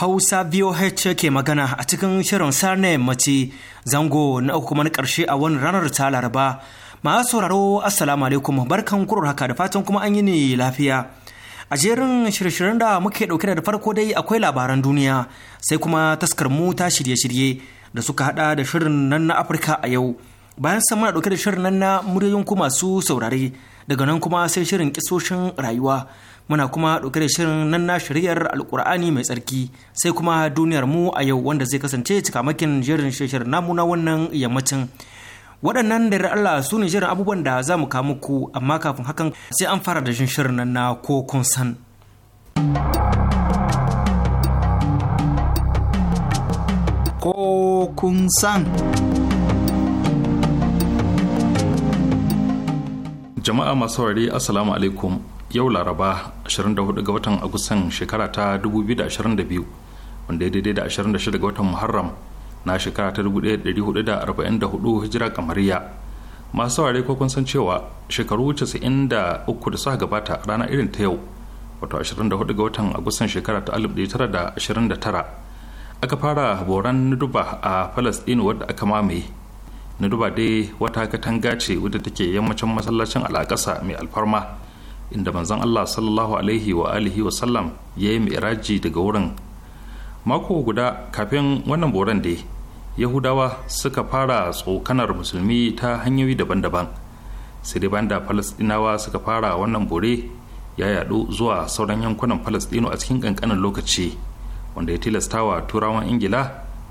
Hausa VOH ke magana a cikin shirin sarne mace zango na uku na ƙarshe a wani ranar ta Laraba. Masu sauraro Assalamu alaikum barkan kurar haka da fatan kuma an yi ne lafiya. A jerin shirye-shiryen da muke ɗauke da farko dai akwai labaran duniya sai kuma taskar mu ta shirye-shirye da suka hada da shirin nan na Afirka a yau. Bayan sa muna ɗauke da shirin nan na muryoyin ku masu saurare daga nan kuma sai shirin kisoshin rayuwa. muna kuma ɗauke da shirin nan na shiryar alkur'ani mai tsarki sai kuma duniyar mu a yau wanda zai kasance cikamakin jerin shirin namu na wannan yammacin waɗannan da Allah su ne jerin abubuwan da za mu kawo muku amma kafin hakan sai an fara da jin shirin nan na ko kun san ko kun san jama'a masu saurari assalamu alaikum yau laraba 24 ga watan agustan shekara ta 2022 wanda ya daidai da 26 ga watan muharram na shekara ta 1444 hijira kamariya masu saurare ko kun san cewa shekaru 93 da suka gabata rana irin ta yau wato 24 ga watan agustan shekara ta 1929 aka fara boran nuduba a palestine wadda aka mamaye nuduba dai wata katanga ce wadda take yammacin masallacin al'akasa mai alfarma inda manzon Allah sallallahu alaihi wa alihi wa sallam ya yi miraji daga wurin mako guda kafin wannan boran dai yahudawa suka fara tsokanar musulmi ta hanyoyi daban-daban sai dai banda falastinawa suka fara wannan bore ya yadu zuwa sauran yankunan falastino a cikin kankanin lokaci wanda ya tilastawa turawan ingila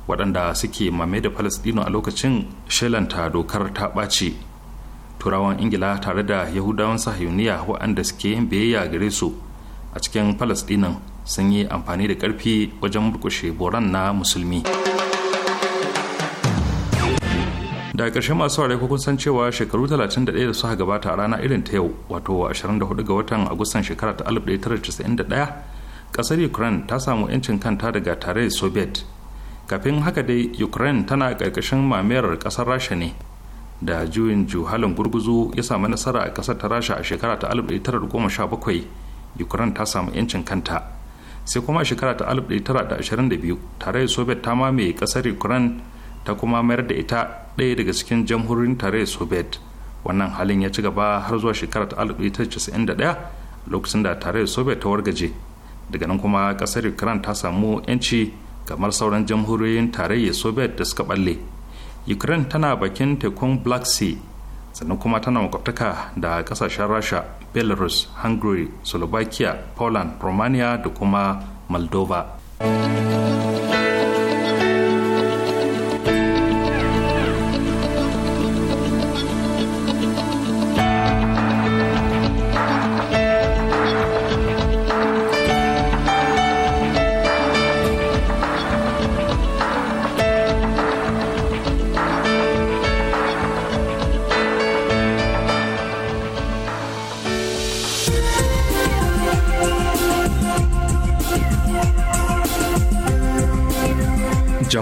waɗanda suke mame da falastino a lokacin shelanta dokar ta ɓaci turawan ingila tare da yahudawan sahayuniya waɗanda suke yin biyayya gare su a cikin palestinan sun yi amfani da ƙarfi wajen murkushe boran na musulmi da ƙarshe masu ware kun san cewa shekaru 31 da suka gabata a rana irin ta yau wato 24 ga watan agustan shekara ta 1991 ƙasar ukraine ta samu 'yancin kanta daga tare soviet kafin haka dai ukraine tana ƙarƙashin mamayar ƙasar rasha ne da juyin juhalin gurguzu ya samu nasara a ƙasar ta rasha a shekara ta 1917 ukraine ta samu 'yancin kanta sai kuma a shekara ta 1922 tarayyar soviet ta mamaye ƙasar ukraine ta kuma mayar da ita ɗaya daga cikin jamhurin tarayyar soviet wannan halin ya ci gaba har zuwa shekara ta 1991 lokacin da tarayyar soviet ta wargaje daga nan kuma ƙasar ukraine ta samu 'yanci kamar sauran jamhuriyoyin tarayyar soviet da suka balle ukraine tana bakin tekun black sea sannan kuma tana makwabtaka da kasashen rasha belarus hungary slovakia poland romania da kuma moldova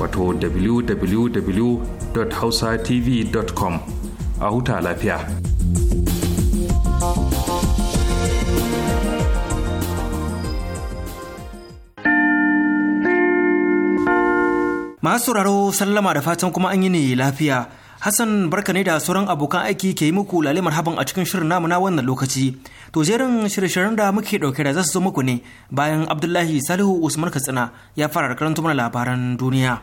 wato www.hausatv.com a huta lafiya. Masu sauraro sallama da fatan kuma an yi ne lafiya. Hassan barka ne da sauran abokan aiki ke yi muku lalle marhaban a cikin shirin namu wannan lokaci. To jerin shirye-shiryen da muke ɗauke da zasu zo muku ne bayan Abdullahi Salihu Usman Katsina ya fara karanta mana labaran duniya.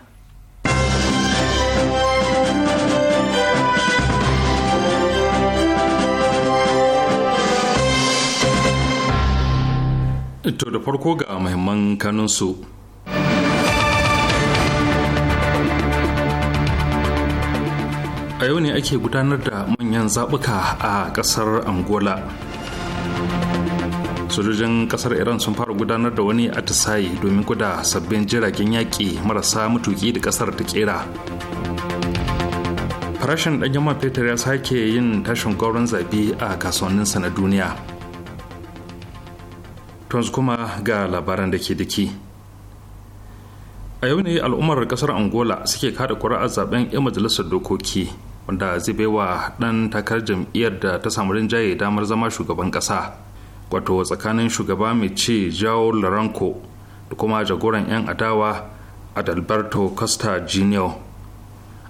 To da farko ga muhimman kanunsu. A yau ne ake gudanar da manyan zaɓuka a ƙasar Angola. Sojojin ƙasar Iran sun fara gudanar da wani atisaye domin guda sabbin jiragen yaƙi marasa matuƙi da ƙasar ta ƙera. Farashin ɗanyen yamma fetur ya sake yin tashin gwauron zabi a kasuwanninsa na duniya. yanzu kuma ga labaran da ke daki a yau ne al'ummar kasar angola suke kada kuri'ar zaben 'yan majalisar dokoki wanda zai baiwa dan takarar jam'iyyar da ta samu rinjaye damar zama shugaban kasa wato tsakanin shugaba mai ce jao laranko da kuma jagoran 'yan adawa adalberto costa junior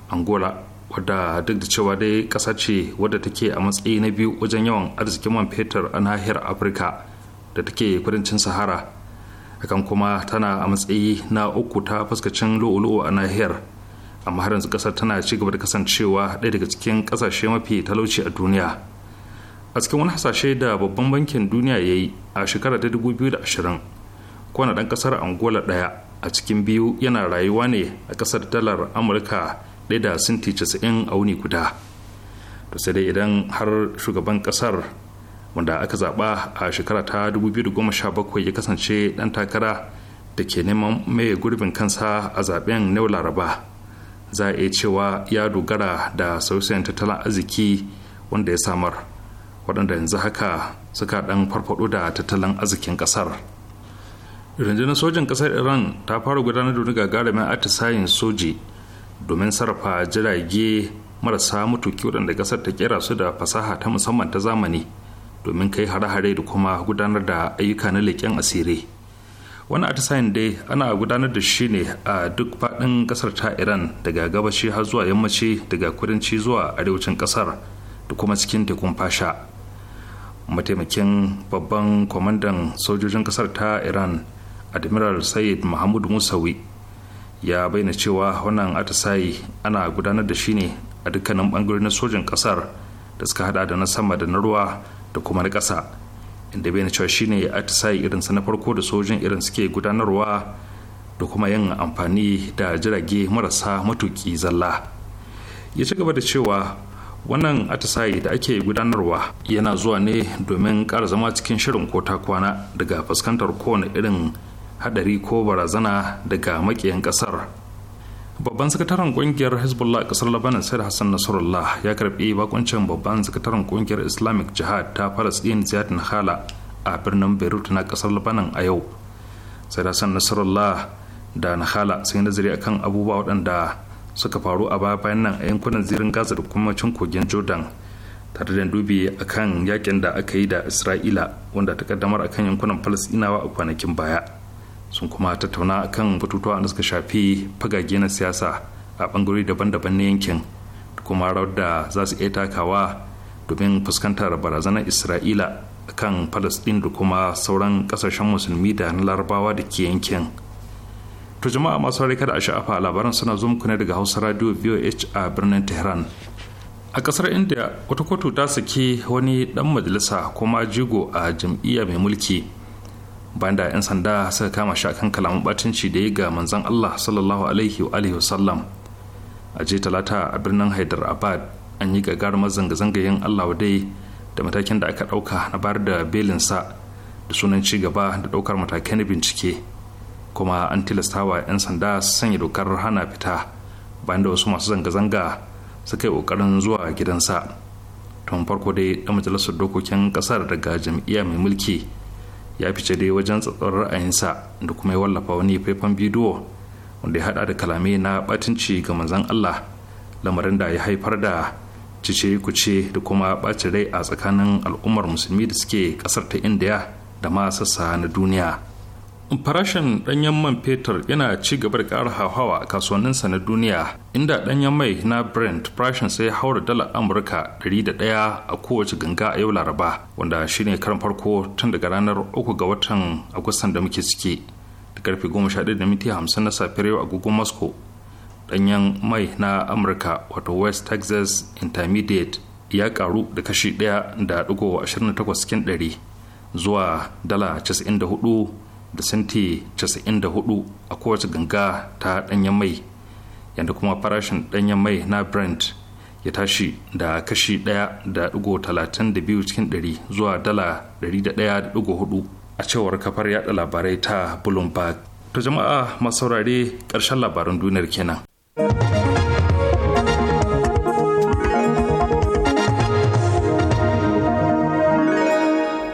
angola wadda duk da cewa dai kasa ce wadda take a matsayi na biyu wajen yawan arzikin man fetur a nahiyar afirka da take kudancin sahara hakan kuma tana a matsayi na uku ta fuskacin luu a nahiyar amma har yanzu kasar tana ci gaba da kasancewa ɗaya daga cikin ƙasashe mafi talauci a duniya a cikin wani hasashe da babban bankin duniya ya yi a shekara ta 2020 kwana ɗan ƙasar angola ɗaya a cikin biyu yana rayuwa ne a ƙasar dalar amurka ɗaya da sinti 90 a wuni guda to sai dai idan har shugaban ƙasar wanda aka zaba a shekara ta 2017 ya kasance dan takara da ke neman mai gurbin kansa a zaben na laraba za a iya cewa ya dogara da sauyin tattalin arziki wanda ya samar waɗanda yanzu haka suka ɗan farfaɗo da tattalin arzikin ƙasar rundunar sojin ƙasar iran ta fara gudanar da wani gagarumin atisayin soji domin sarrafa jirage marasa mutuki waɗanda ƙasar ta kera su da fasaha ta musamman ta zamani domin kai hare-hare da kuma gudanar da ayyuka na leƙen asiri wani atisayin dai ana gudanar da shi ne a duk faɗin ƙasar ta iran daga gabashi har zuwa yammaci daga kudanci zuwa arewacin ƙasar da kuma cikin tekun fasha mataimakin babban kwamandan sojojin ƙasar ta iran admiral sayid mahmud musawi ya bayyana cewa wannan atisayi ana gudanar da shi ne a dukkanin ɓangare na sojin ƙasar da suka hada da na sama da na ruwa da kuma na ƙasa inda bai cewa shine ya atisaye irinsa na farko da sojin irin suke gudanarwa da kuma yin amfani da jirage marasa matuƙi zalla ya ci gaba da cewa wannan atisaye da ake gudanarwa yana zuwa ne domin ƙara zama cikin shirin ko ta kwana daga fuskantar kowane irin haɗari ko barazana daga maƙiyan ƙasar babban sakataren kungiyar hezbollah a kasar labanan said hassan nasarallah ya karbi bakuncin babban sakataren kungiyar islamic jihad ta palestine ziyad nahala a birnin beirut na kasar labanan a yau said hassan nasarallah da nahala sun yi nazari akan abubuwa waɗanda suka faru a baya bayan nan a yankunan zirin gaza da kuma cin kogin jordan tare da dubi akan yakin da aka yi da isra'ila wanda ta kaddamar akan yankunan falasɗinawa a kwanakin baya sun kuma tattauna kan batutuwa da suka shafi fagage na siyasa a bangarori daban-daban na yankin kuma rawar da za su iya takawa domin fuskantar barazanar isra'ila kan palestine da kuma sauran kasashen musulmi da na larabawa da ke yankin to jama'a masu harika da sha'afa labaran suna zo muku ne daga hausa radio voh a birnin tehran a kasar india wata kotu ta saki wani dan majalisa kuma jigo a jam'iyya mai mulki bayan da 'yan sanda suka kama shi akan kalaman batunci da ya ga manzan Allah sallallahu alaihi wa alihi wasallam a je talata a birnin haidar abad an yi gagarumar zanga-zanga yin Allah dai da matakin da aka ɗauka na bayar da belin sa da sunan ci gaba da daukar na bincike kuma an tilasta wa 'yan sanda su sanya dokar hana fita bayan da wasu masu zanga-zanga suka yi kokarin zuwa gidansa tun farko dai da majalisar dokokin kasar daga jam'iyya mai mulki ya fice dai wajen tsatsar ra'ayinsa da kuma ya wallafa wani faifan bidiyo wanda ya hada da kalame na batinci ga manzan Allah lamarin da ya haifar da cice kuce da kuma bacin rai a tsakanin al'ummar musulmi da suke kasar ta indiya da ma sassa na duniya farashin ɗanyen man fetur yana ci gaba da ƙara hauhawa a kasuwanninsa na duniya inda ɗanyen mai na brent farashin sai haura dala amurka 101 a kowace ganga a yau laraba wanda shine karan farko tun daga ranar 3 ga watan agustan da muke ciki da karfe 11:50 na safiyar yau agogon moscow ɗanyen mai na amurka wato west texas intermediate ya karu da kashi 1.28 cikin 100 zuwa dala 94 da senti 94 a kowace ganga ta danyen mai yadda kuma farashin danyen mai na brent ya tashi da kashi 1.32 cikin 100 zuwa dala 101.4 a cewar kafar yada labarai ta bloomberg ta jama'a masaurare ƙarshen labaran duniyar kenan.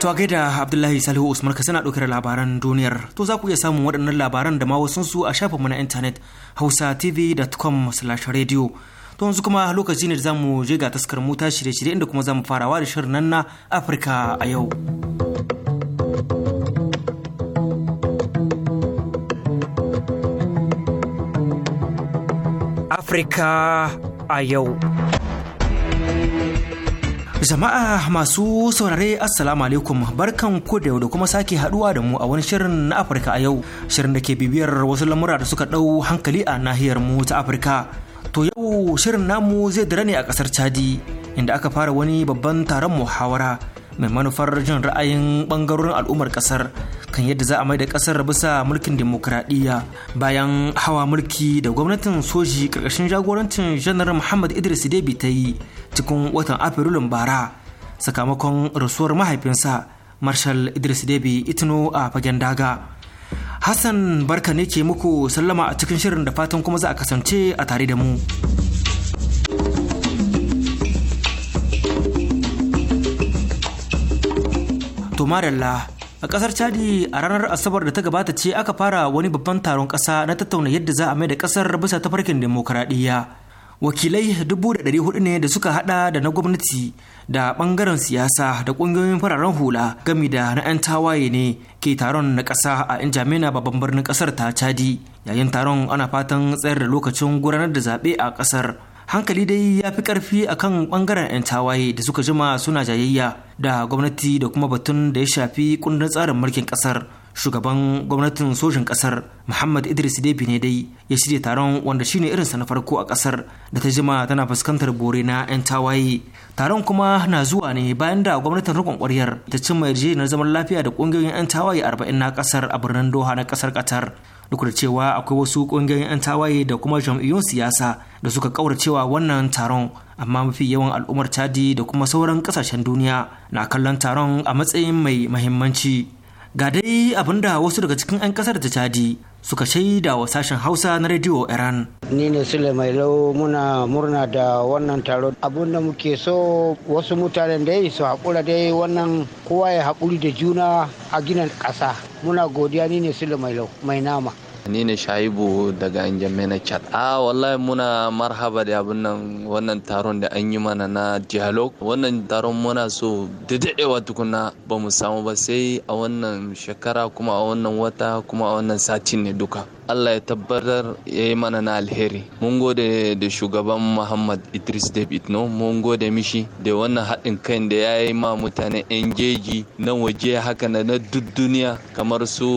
To a gaida Abdullahi Salihu Usman ka sana ɗaukar labaran duniyar. To za ku iya samun waɗannan labaran da ma su a shafinmu na intanet hausatv.com slash radio. To yanzu kuma lokaci ne da zamu je ga taskar mota shirye-shirye inda kuma zamu farawa da shirin nan na Afirka a yau. Afirka a yau. Jama'a masu saurare Assalamu alaikum barkan ku da yau da kuma sake haduwa da mu a wani shirin na Afirka a yau shirin da ke bibiyar wasu lamura da suka dau hankali a nahiyar mu ta Afirka. To yau shirin namu zai dira ne a kasar Chadi inda aka fara wani babban taron muhawara mai manufar jin ra'ayin bangarorin al'ummar kasar kan yadda za a mai da kasar bisa mulkin demokradiyya bayan hawa mulki da gwamnatin soji karkashin jagorancin janar muhammad idris debi ta yi cikin watan afrilun bara sakamakon rasuwar mahaifinsa marshal idris debi itino a fagen daga hassan barka ne ke muku sallama a cikin shirin da fatan kuma za a kasance a tare da mu. to maralla a ƙasar chadi a ranar asabar da ta gabata ce aka fara wani babban taron ƙasa na tattauna yadda za a mai da kasar bisa farkin demokaradiyya wakilai dubu hudu ne da suka haɗa da na gwamnati da bangaren siyasa da ƙungiyoyin fararen hula gami da na 'yan tawaye ne ke taron na ƙasa a jamina babban birnin ƙasar ta chadi yayin taron ana fatan tsayar da lokacin gudanar da zaɓe a ƙasar. hankali dai ya fi karfi a kan bangaren 'yan tawaye da suka jima suna jayayya da gwamnati da kuma batun da ya shafi kundin tsarin mulkin ƙasar shugaban gwamnatin sojin kasar muhammad idris debi ne dai ya shirya taron wanda shine irinsa na farko a ƙasar da ta jima tana fuskantar bore na 'yan tawaye taron kuma na zuwa ne bayan da gwamnatin rikon kwaryar ta cimma yarjejeniyar zaman lafiya da kungiyoyin 'yan tawaye arba'in na kasar a birnin doha na kasar qatar duk da cewa akwai wasu kungiyoyin 'yan tawaye da kuma jam'iyyun siyasa da suka kauracewa wannan taron amma mafi yawan al'ummar chadi da kuma sauran kasashen duniya na kallon taron a matsayin mai mahimmanci ga dai abinda wasu daga cikin 'yan kasar ta chadi suka shaida wa sashen hausa na rediyo iran ni ne sule mai lau muna murna da wannan taro abun da muke so wasu mutanen da su haƙura dai wannan kowa ya haƙuri da juna a ginin ƙasa muna godiya ni ne sule mai lau mai nama ni ne shaibu daga anjamena chat a ah, wallahi muna marhaba da abin nan wannan taron da an yi mana na dialogue wannan taron muna so da daɗewa tukuna ba mu samu ba sai a wannan shekara kuma a wannan wata kuma a wannan satin ne duka Allah ya tabbatar ya yi mana na alheri mun gode da shugaban Muhammad Idris David Itno, mun gode mishi da wannan haɗin kan da ya yi ma mutane yan jeji na waje haka na na duk duniya kamar su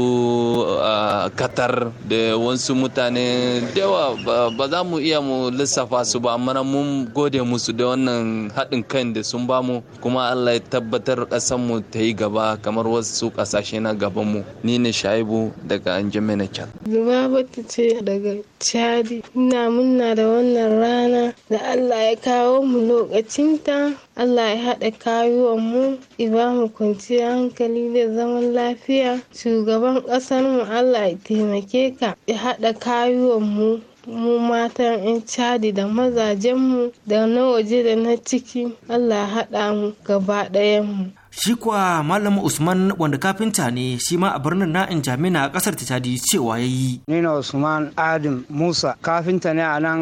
Qatar da wasu mutane da ba za mu iya mu lissafa su ba amma mun gode musu da wannan haɗin kai da sun mu, kuma Allah ya tabbatar mu ta yi gaba kamar wasu ƙasashe na gaban mu, ni ne Shaibu daga na Chan. Babatu ce daga Chadi. Ina munna da wannan rana da Allah ya kawo mu lokacinta. Allah ya haɗa kayuwan mu, iba mu kwanciyar hankali da zaman lafiya. Shugaban ƙasar mu Allah ya taimake ka, ya haɗa kayuwan mu. mu matan 'yan chadi da mazajen mu da na waje da na ciki allah ya haɗa mu gaba mu. Shi kuwa Malam Usman wanda kafinta ne shi ma a birnin na Injamina a kasar Tijadi cewa ya yi. Ni na Usman Adam Musa kafinta ne a nan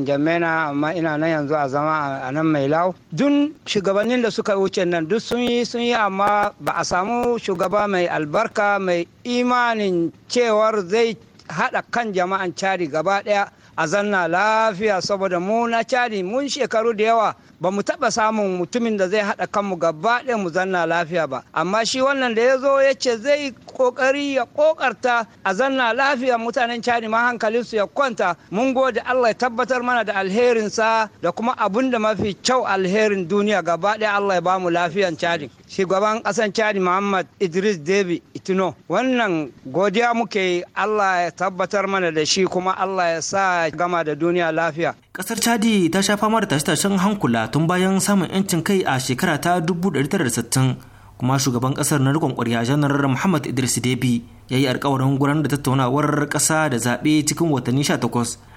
Injamina amma ina nan yanzu a zama a nan mai lau. Dun shugabannin da suka wuce nan duk sun yi sun yi amma ba a samu shugaba mai albarka mai imanin cewar zai haɗa kan jama'an cari gaba ɗaya a zanna lafiya saboda mu na cari mun shekaru da yawa ba mu taɓa samun mutumin da zai haɗa kanmu gaba ɗaya mu zanna lafiya ba amma shi wannan da ya zo ya ce zai ƙoƙari ya ƙoƙarta a zanna lafiya mutanen cari ma hankalin su ya kwanta mun gode allah ya tabbatar mana da alherinsa da kuma abun da mafi kyau alherin duniya gaba ɗaya allah ya bamu lafiyan cari shugaban ƙasan cari muhammad idris debi itino wannan godiya muke allah ya tabbatar mana da shi kuma allah ya sa gama da duniya lafiya. Kasar Chadi ta sha fama da tashe-tashen hankula tun bayan samun 'yancin kai a shekara ta 1960 kuma shugaban kasar na rikon kwarya janar Muhammad Idris Debi ya yi alkawarin gudanar da tattaunawar kasa da zaɓe cikin watanni 18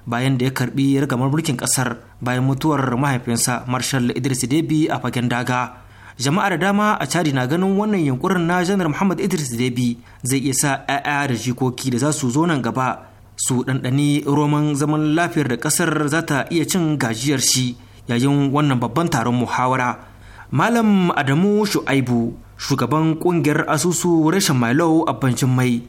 bayan da ya karɓi ragamar mulkin kasar bayan mutuwar mahaifinsa Marshal Idris Debi a fagen daga. jama'a da dama a chadi na ganin wannan yunkurin na janar muhammad idris debi zai iya sa 'ya'ya da jikoki da za su zo nan gaba su ɗanɗani roman zaman lafiyar da ƙasar za ta iya cin gajiyar shi yayin wannan babban taron muhawara malam adamu shu'aibu shugaban ƙungiyar asusu rashin milo a bancin mai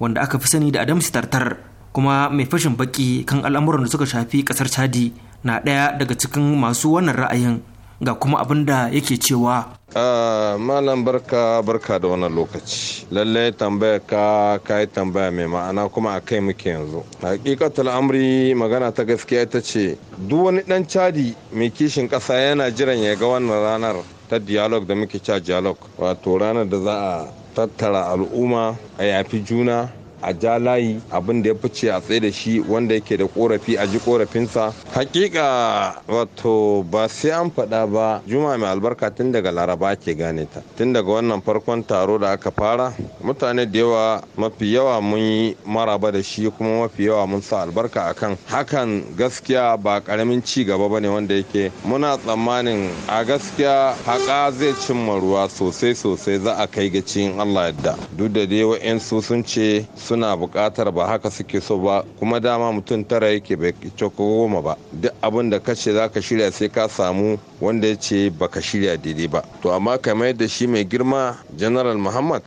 wanda aka fi sani da adam tartar kuma mai fashin baki kan al'amuran da suka shafi ƙasar chadi na ɗaya daga cikin masu wannan ra'ayin ga kuma abin da yake cewa ah, malam barka barka da wannan lokaci lalle tambaya ka ka tambaya mai ma'ana kuma a kai muke yanzu hakikatul amri magana ta gaskiya ita ce duk wani dan cadi mai kishin kasa yana jiran ya ga wannan ranar ta dialog da muke cha dialog wato ranar da za a tattara al'umma a yafi juna a ja layi abin da ya fice a tsaye da shi wanda yake da korafi a ji korafinsa hakika wato ba sai an faɗa ba juma mai albarka tun daga laraba ke gane ta tun daga wannan farkon taro da aka fara mutane da yawa mafi yawa mun yi maraba da shi kuma mafi yawa mun sa albarka akan hakan gaskiya ba karamin ci gaba ba ne wanda yake muna tsammanin a gaskiya haka zai cimma ruwa sosai sosai za a kai ga cikin allah yadda duk da dai wa'yansu sun ce suna buƙatar ba haka suke so ba kuma dama mutum tara yake bai ko goma ba duk abin da ka ce za ka shirya sai ka samu wanda ya ce ba ka shirya daidai ba to amma kamar yadda shi mai girma general muhammad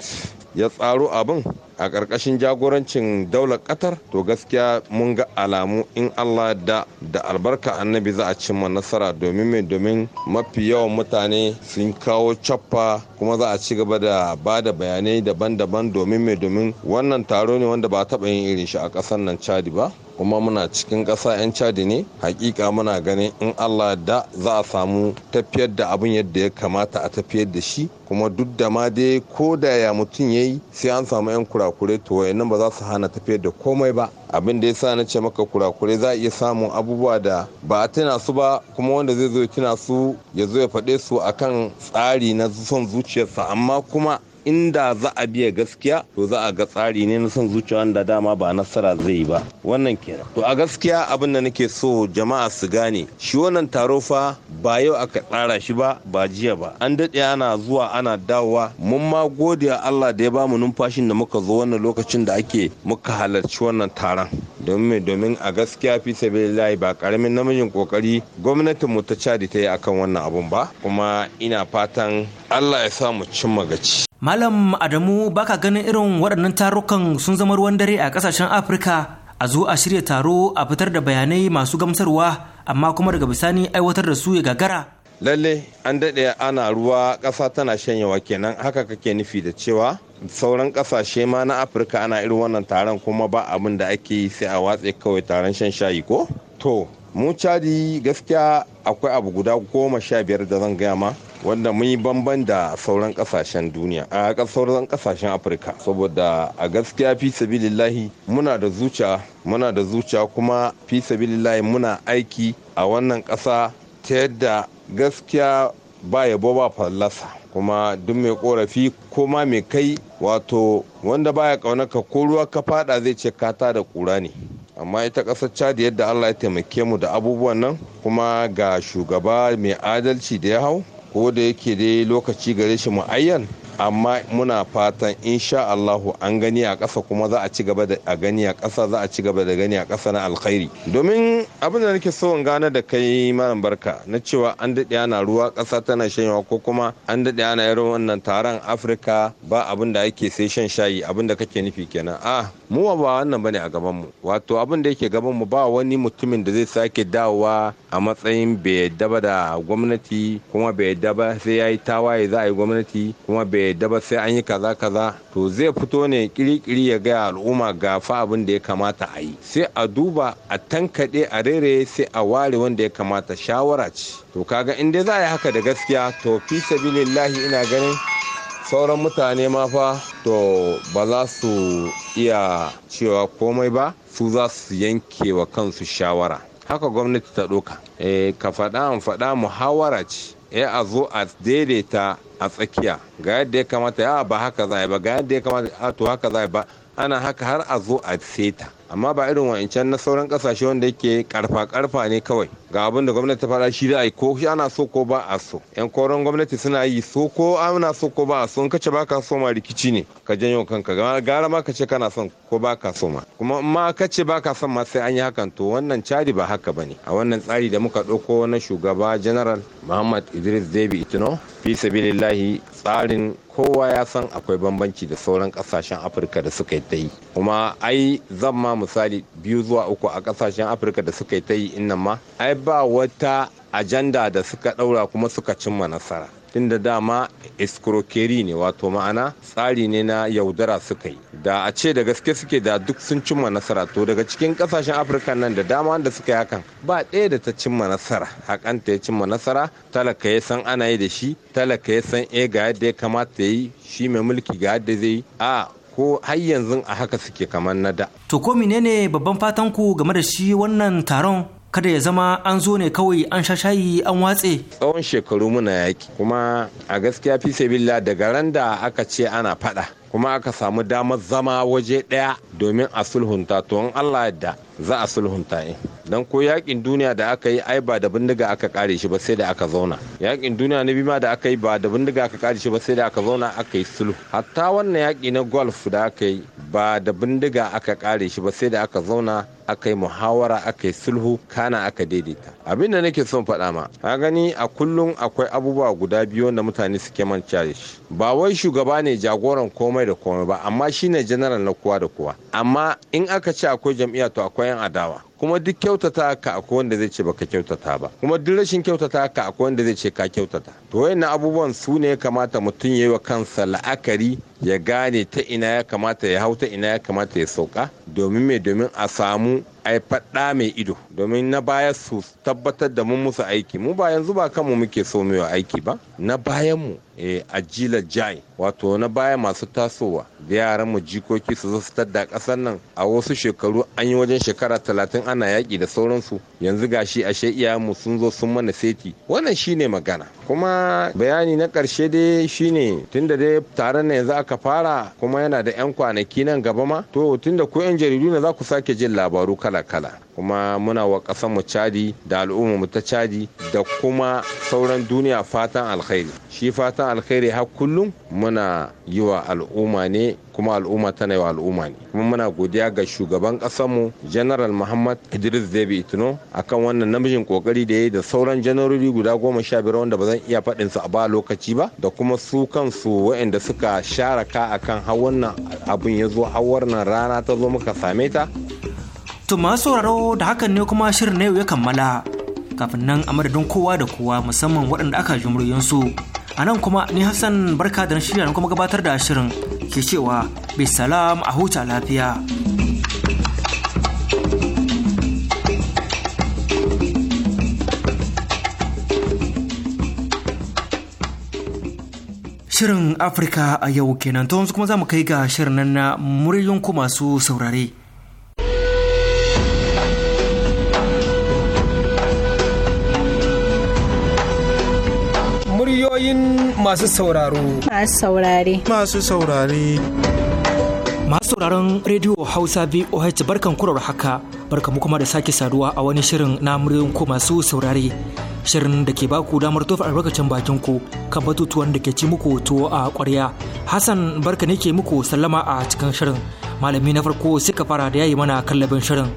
ya tsaro abin a ƙarƙashin jagorancin daular ƙatar to gaskiya mun ga alamu in Allah da da albarka annabi za a cimma nasara domin mai domin mafi yawan mutane sun kawo cappa kuma za a ci gaba da ba da bayanai daban-daban domin mai domin wannan taro ne wanda ba taɓa yin irin shi a ƙasar nan chadi ba kuma muna cikin ƙasa 'yan cadi ne hakika muna ganin in allah da za a samu tafiyar da abin yadda ya kamata a tafiyar da shi kuma duk da ma dai ko da ya mutum ya yi sai an samu 'yan kurakure to wayannan ba za su hana tafiyar da komai ba abin da ya sa na ce maka kurakure za a iya samun abubuwa da ba a tuna su ba kuma wanda zai zo ya tuna su ya zo ya faɗe su akan tsari na son zuciyarsa amma kuma inda za a biya gaskiya to za a ga tsari ne na son zuciya wanda dama ba nasara zai yi ba wannan kenan to a gaskiya abin da nake so jama'a su gane shi wannan taro fa ba yau aka tsara shi ba ba jiya ba an daɗe ana zuwa ana dawowa mun ma gode Allah da ya bamu numfashin da muka zo wannan lokacin da ake muka halarci wannan taron domin domin a gaskiya fi sabilillahi ba karamin namijin kokari gwamnatin mu ta cadi ta yi akan wannan abun ba kuma ina fatan Allah ya sa mu cimma gaci Malam Adamu baka ganin irin waɗannan tarukan sun zama ruwan dare a ƙasashen Afirka a zo a shirya taro a fitar da bayanai masu gamsarwa amma kuma daga bisani aiwatar da su ya gagara. Lalle an daɗe ana ruwa ƙasa tana shanyewa kenan haka kake nufi da cewa sauran ƙasashe ma na Afirka ana irin wannan taron kuma ba abin da ake yi sai a watse kawai taron shan shayi ko? To, mu cadi gaskiya akwai abu guda goma sha biyar da zan gaya ma wanda mun yi bamban da sauran kasashen duniya a sauran kasashen afirka saboda a gaskiya fi sabilillahi muna da zuciya muna da zuciya kuma fi sabilillahi muna aiki a wannan ƙasa ta yadda gaskiya ba yabo ba fallasa kuma duk mai korafi ma mai kai wato wanda baya kaunaka ko ruwa ka fada zai ce kata da kura ne amma ita ƙasar chad yadda allah ya taimake mu da abubuwan nan kuma ga shugaba mai adalci da ya hau ko da yake dai lokaci gare shi mu'ayyan amma muna fatan insha Allahu an gani a ƙasa kuma za a ci gaba da a gani a ƙasa za a ci gaba da gani a ƙasa na alkhairi domin abin da nake so in gane da kai malam barka na cewa an daɗe ana ruwa ƙasa tana shanyewa ko kuma an daɗe ana irin wannan taron Afirka ba abin da ake sai shan shayi abin da kake nufi kenan a ah, mu ba wannan bane a gaban mu wato abin da yake gaban mu ba wani mutumin da zai sake dawowa a matsayin bai yadda ba da gwamnati kuma bai yadda ba sai yayi tawaye za a yi gwamnati kuma bai yadda ba sai an yi kaza kaza to zai fito ne kirikiri ya ga al'umma ga fa abin da ya kamata a yi sai a duba a tankade a rere sai a ware wanda ya kamata shawara ce to kaga in dai za a yi haka da gaskiya to fi sabilillahi ina ganin sauran mutane ma fa to ba za su iya cewa komai ba su za su yanke wa kansu shawara haka gwamnati ta eh ka faɗa an faɗa muhawara ce eh a zo a daidaita a tsakiya ga yadda ya kamata ya ba haka za ba ga yadda ya kamata a to haka za ba ana haka har a zo a seta amma ba irin wa'ancan na sauran kasashe wanda yake karfa karfa ne kawai ga abin da gwamnati ta fara shi da a yi ko ana so ko ba a so yan koron gwamnati suna yi so ko ana so ko ba a so in kace baka so ma rikici ne ka janyo kanka gara ma kace kana son ko baka so ma kuma in ma kace baka son ma sai an yi hakan to wannan cari ba haka bane a wannan tsari da muka ɗauko na shugaba general muhammad idris debi itino fi sabilillahi tsarin kowa ya san akwai bambanci da sauran kasashen afirka da suka yi kuma ai zan ma misali biyu zuwa uku a kasashen afirka da suka yi ta yi innan ma ai ba wata ajanda da suka ɗaura kuma suka cimma nasara da dama iskrokeri ne wato ma'ana tsari ne na yaudara suka yi da a ce da gaske suke da duk sun cimma nasara to daga cikin kasashen afirka nan da dama da suka yi hakan ba ɗaya da ta cimma nasara hakanta ya cimma nasara talaka ya san ana yi da shi talaka ya san e ga yadda ya kamata ya yi shi mai mulki ga yadda zai yi a ko har yanzu a haka suke kamar na da. To ko menene babban fatan ku game da shi wannan taron kada ya zama an zo ne kawai an sha shayi an watse tsawon shekaru muna yaki kuma a gaskiya fi sabilla daga randa aka ce ana fada kuma aka samu damar zama waje ɗaya domin a sulhunta to in Allah yadda za a sulhunta in eh. dan ko yakin duniya da aka yi ai ba da bindiga aka kare shi ba sai da aka zauna yakin duniya na bima da aka yi ba da bindiga aka kare shi ba sai da aka zauna aka yi sulhu hatta wannan yaki na golf da aka yi ba da bindiga aka kare shi ba sai da aka zauna aka yi muhawara aka yi sulhu kana aka daidaita abin da nake son faɗa ma ka gani a kullum akwai abubuwa guda biyu wanda mutane suke manta shi ba wai shugaba ne jagoran komai komai da komai ba amma shi ne general na kowa da kowa amma in aka ce akwai jam'iyya to akwai yan adawa kuma duk kyautata ka akwai wanda zai ce baka kyautata ba kuma duk rashin kyautata ka akwai wanda zai ce ka kyautata to wayannan abubuwan su ne kamata mutum ya yi wa kansa la'akari ya gane ta ina ya kamata ya hau ta ina ya kamata ya sauka domin mai domin a samu ai faɗa mai ido domin na baya su tabbatar da mun musu aiki mu ba yanzu ba kanmu muke so mu aiki ba na bayan mu e, ajila jai wato na baya masu tasowa da yaran mu jikoki su zasu su kasar ƙasar nan a wasu shekaru an yi wajen shekara talatin ana yaƙi da sauransu yanzu gashi ashe mu sun zo sun mana seti wannan shine magana kuma bayani na ƙarshe dai shine tunda dai taron na yanzu aka aka fara kuma yana da 'yan kwanaki nan gaba ma to tunda ku 'yan jaridu ne za ku sake jin labaru kala-kala kuma muna wa mu cadi da mu ta cadi da kuma sauran duniya fatan alkhairi shi fatan alkhairi har kullum muna yi wa al'umma ne kuma al'umma tana yi wa al'umma ne kuma muna godiya ga shugaban mu general muhammad idris zabi itno akan wannan namijin kokari da ya yi da sauran janarori guda goma sha biyar wanda ba zan iya faɗin su a ba lokaci ba da kuma su kansu waɗanda suka sharaka akan har wannan abun ya zo har wannan rana ta zo muka same ta To masu sauraro da hakan ne kuma shirin na yau ya kammala. Kafin nan a madadin kowa da kowa musamman waɗanda aka jumuriyansu. A nan kuma ni Hassan barka da na shirya na kuma gabatar da shirin ke cewa bisalam a huta lafiya. Shirin Afirka a yau kenan to wanzu kuma za mu kai ga shirin nan na muryoyin masu saurare. masu sauraro. Masu saurare. Masu saurare. Masu sauraron rediyo Hausa VOH barkan kurar haka barkamu kuma da sake saduwa a wani shirin na muryoyin ku masu saurare. Shirin da ke baku damar tofa albarkacin bakin ku kan batutuwan da ke ci muku tu a ƙwarya. Hassan barka ne ke muku sallama a cikin shirin. Malami na farko suka fara da yayi mana kallabin shirin.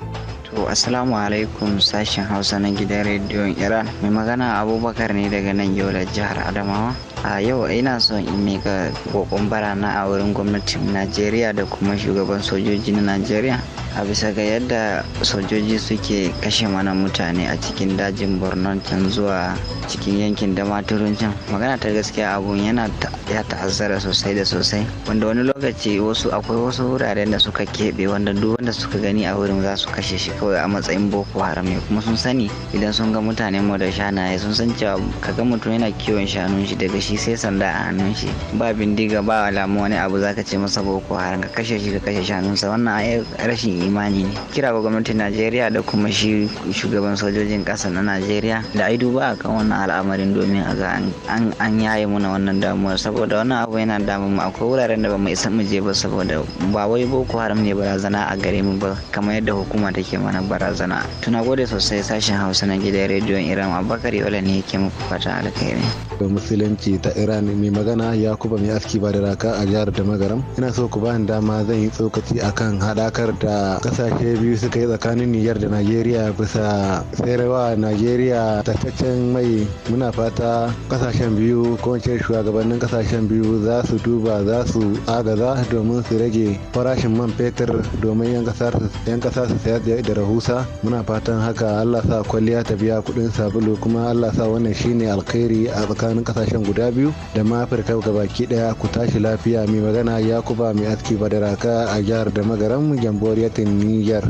To assalamu alaikum sashen Hausa na gidan rediyon Iran. Mai magana Abubakar ne daga nan yau da jihar Adamawa. a yau ina son in mika kokon barana a wurin gwamnatin najeriya da kuma shugaban sojoji na najeriya a bisa ga yadda sojoji suke kashe mana mutane a cikin dajin borno can zuwa cikin yankin da can magana ta gaskiya abun yana ya ta'azzara sosai da sosai wanda wani lokaci wasu akwai wasu wuraren da suka keɓe wanda duk wanda suka gani a wurin za su kashe shi kawai a matsayin boko haram ne kuma sun sani idan sun ga mutane mu da shanaye sun san cewa kaga mutum yana kiwon shanun shi daga shi shi sai sanda a hannun shi ba bindiga ba alamu wani abu zaka ce masa boko haram ka kashe shi ka kashe shi sa wannan rashin imani ne kira ga gwamnatin najeriya da kuma shi shugaban sojojin ƙasa na najeriya da ai duba kan wannan al'amarin domin a ga an yaye muna wannan damuwar saboda wannan abu yana damun mu akwai wuraren da ba mu isa mu je ba saboda ba wai boko haram ne barazana a gare mu ba kamar yadda hukuma take mana barazana tuna gode sosai sashin hausa na gidan rediyon iran abubakar yola ne yake muku fata alkhairi ga musulunci ta iran mai magana yakuba mai aski ba da raka a jihar da magaram ina so ku bani dama zan yi tsokaci akan haɗakar da kasashe biyu suka yi tsakanin niyyar da Nigeria bisa tserewa najeriya tattaccen mai muna fata ƙasashen biyu ko shugabannin ƙasashen biyu za su duba za su agaza domin su rage farashin man fetur domin 'yan kasar su sayar da rahusa muna fatan haka allah sa kwalliya ta biya kuɗin sabulu kuma allah sa wannan shine alkhairi a tsakanin kasashen guda biyu da ma afirka gabaki daya ku tashi lafiya mai magana yakuba mai aski badaraka a jihar da magaran jamhuriyatin niger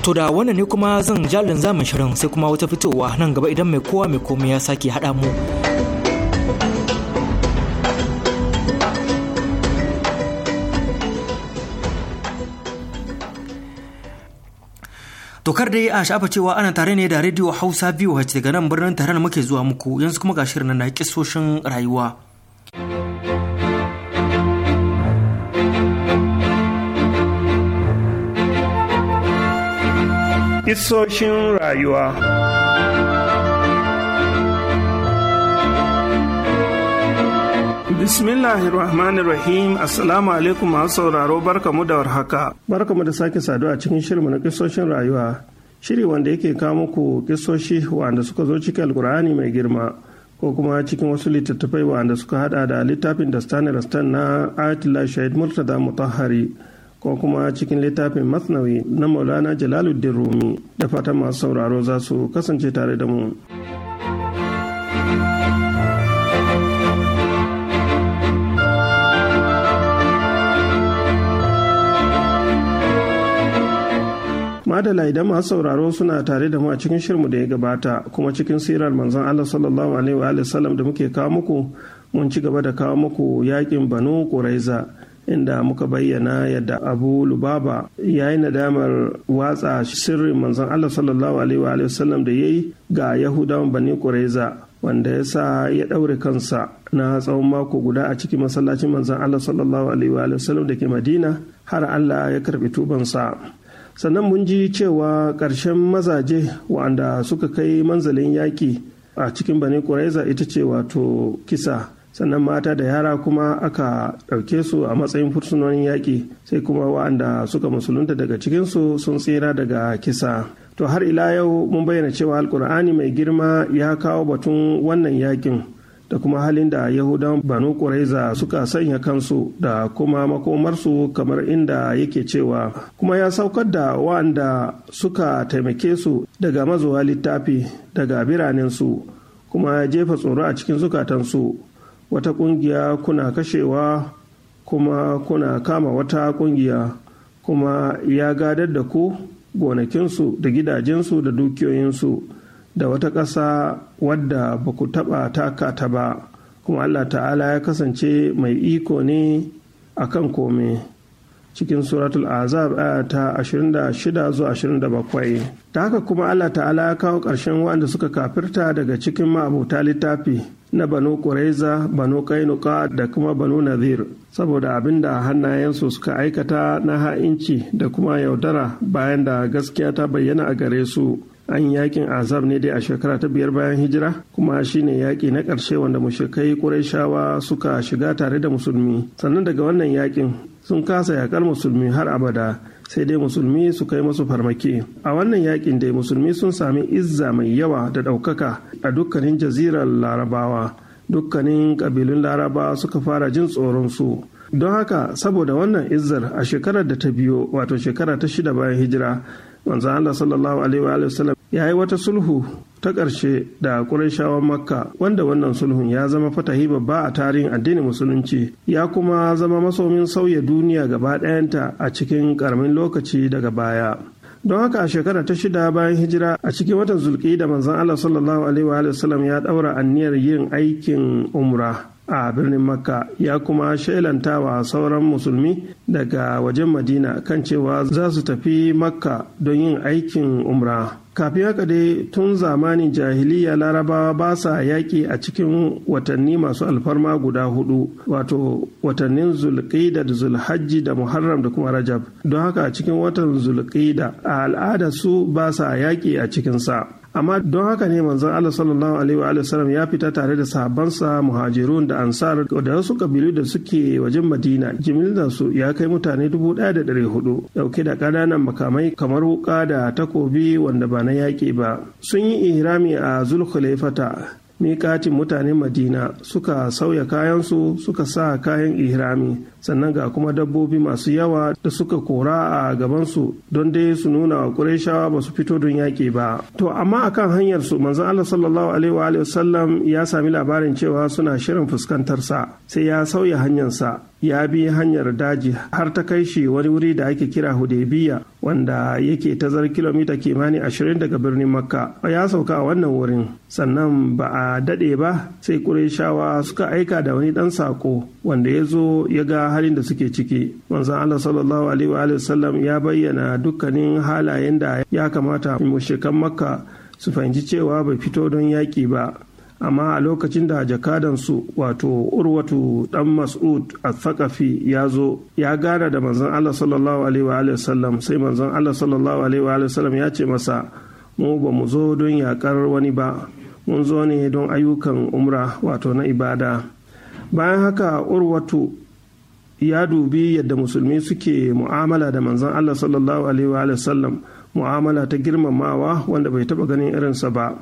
To da wannan ne kuma zan jalin zamun shirin sai kuma wata fitowa nan gaba idan mai kowa mai komai ya sake haɗa mu da dai a shafa cewa ana tare ne da Radio Hausa biyu VOH daga nan birnin da muke zuwa muku yanzu kuma ga shirin na kisoshin rayuwa. Kisoshin rayuwa Bismillahirrahmanirrahim Assalamu alaikum masu sauraro barkamu da warhaka. Barkamu da sake saduwa cikin shirinmu na kisoshin rayuwa. Shiri wanda yake kawo muku kisoshi wanda suka zo cikin alkur'ani mai girma ko kuma cikin wasu littattafai wanda suka hada da littafin da Stanley Rastan na Ayatollah Shahid Murtada Mutahhari ko kuma cikin littafin Masnawi na Maulana Jalaluddin Rumi da fatan masu sauraro za su kasance tare da mu. madala idan masu sauraro suna tare da mu a cikin shirmu da ya gabata kuma cikin sirar manzon Allah sallallahu alaihi wa sallam da muke kawo muku mun ci gaba da kawo muku yakin Banu Quraiza inda muka bayyana yadda Abu Lubaba ya yi nadamar watsa sirrin manzon Allah sallallahu alaihi wa sallam da yayi ga Yahudawan Bani Quraiza wanda ya sa ya ɗaure kansa na tsawon mako guda a cikin masallacin manzon Allah sallallahu alaihi wa sallam da ke Madina har Allah ya karbi tubansa. sannan mun ji cewa ƙarshen mazaje wa'anda suka kai manzalin yaƙi a cikin bani ƙuraiza ita ce wato kisa sannan mata da yara kuma aka ɗauke su a matsayin fursunonin yaƙi sai kuma wa'anda suka musulunta daga cikinsu sun tsira daga kisa to har ila yau mun bayyana cewa alkur'ani mai girma ya kawo batun wannan yaƙin da kuma halin da yahudan banu ƙuraiza suka sanya kansu da kuma makomarsu kamar inda yake cewa kuma ya saukar da wa'anda suka taimake su daga mazuwa littafi daga biranensu kuma ya jefa tsoro a cikin zukatansu wata ƙungiya kuna kashewa kuma kuna kama wata ƙungiya kuma ya gadar da ku gonakinsu da gidajensu da dukiyoyinsu da wata ƙasa wadda ba ku taɓa taka ta ba kuma Allah ta'ala ya kasance mai iko ne a kan kome cikin suratul azab aya ta 26 zuwa 27 ta haka kuma Allah ta'ala ya kawo ƙarshen waɗanda suka kafirta daga cikin ma'abuta littafi na banu ƙuraiza banu kainuka da kuma banu nazir saboda abin da hannayensu suka aikata na ha'inci da kuma yaudara bayan da gaskiya ta bayyana a gare su an yakin azab ne dai a shekara ta biyar bayan hijira kuma shine yaki na ƙarshe wanda mushrikai kuraishawa suka shiga tare da musulmi sannan daga wannan yakin sun kasa yakar musulmi har abada sai dai musulmi su kai masu farmaki a wannan yakin dai musulmi sun sami izza mai yawa da ɗaukaka a dukkanin jazirar larabawa dukkanin ƙabilun larabawa suka fara jin tsoron su don haka saboda wannan izzar a shekarar da ta biyo wato shekara ta shida bayan hijira manzo Allah sallallahu alaihi wa sallam ya yi wata sulhu ta ƙarshe da ƙurashawan makka wanda wannan sulhun ya zama fatahi babba a tarihin addinin musulunci ya kuma zama masomin sauya duniya gaba ɗayanta a cikin ƙaramin lokaci daga baya don haka a shekara ta shida bayan hijira a cikin watan zulki da manzan Allah sallallahu alaihi wa sallam ya ɗaura anniyar yin aikin umra a birnin makka ya kuma shailanta wa sauran musulmi daga wajen madina kan cewa za su tafi makka don yin aikin umra kafin haka dai tun zamanin jahiliya larabawa ba sa yaƙi a cikin watanni masu alfarma guda hudu wato watannin zulƙida da zulhajji da muharram da kuma rajab don haka a cikin watan zulƙida a al'ada su ba sa yaƙi a cikinsa amma don haka ne manzon Allah sallallahu alaihi wa sallam ya fita tare da sahabbansa muhajirun da ansar da wasu kabilu da suke wajen Madina jimillar su ya kai mutane 1400 dauke da kananan makamai kamar wuka da takobi wanda ba na yaƙi ba sun yi ihrami a Zulkhulaifata miƙatin mutanen Madina suka sauya kayansu suka sa kayan ihrami sannan ga kuma dabbobi masu yawa da suka kora a gabansu don dai su nuna wa ƙurayshawa ba su fito don yaƙi ba to amma akan hanyar su manzon Allah sallallahu alaihi wa wasallam ya sami labarin cewa suna shirin fuskantar sa sai ya sauya hanyarsa ya bi hanyar daji har ta kai shi wani wuri da ake kira Hudaybiya wanda yake tazar kilomita kimani ashirin daga birnin Makka ya sauka a wannan wurin sannan ba a dade ba sai Qurayshawa suka aika da wani dan sako wanda ya zo ya ga halin da suke ciki manzon Allah sallallahu alaihi wa sallam ya bayyana dukkanin halayen da ya kamata mushrikan makka su fahimci cewa bai fito don yaƙi ba amma a lokacin da jakadansu wato urwatu dan mas'ud al-thaqafi ya zo ya gara da manzon Allah sallallahu alaihi sallam sai manzon Allah sallallahu alaihi sallam ya ce masa mu ba mu zo don yakar wani ba mun zo ne don ayyukan umra wato na ibada bayan haka urwatu ya dubi yadda musulmi suke mu'amala da manzon Allah sallallahu alaihi wa sallam mu'amala ta girmamawa wanda bai taba ganin irinsa ba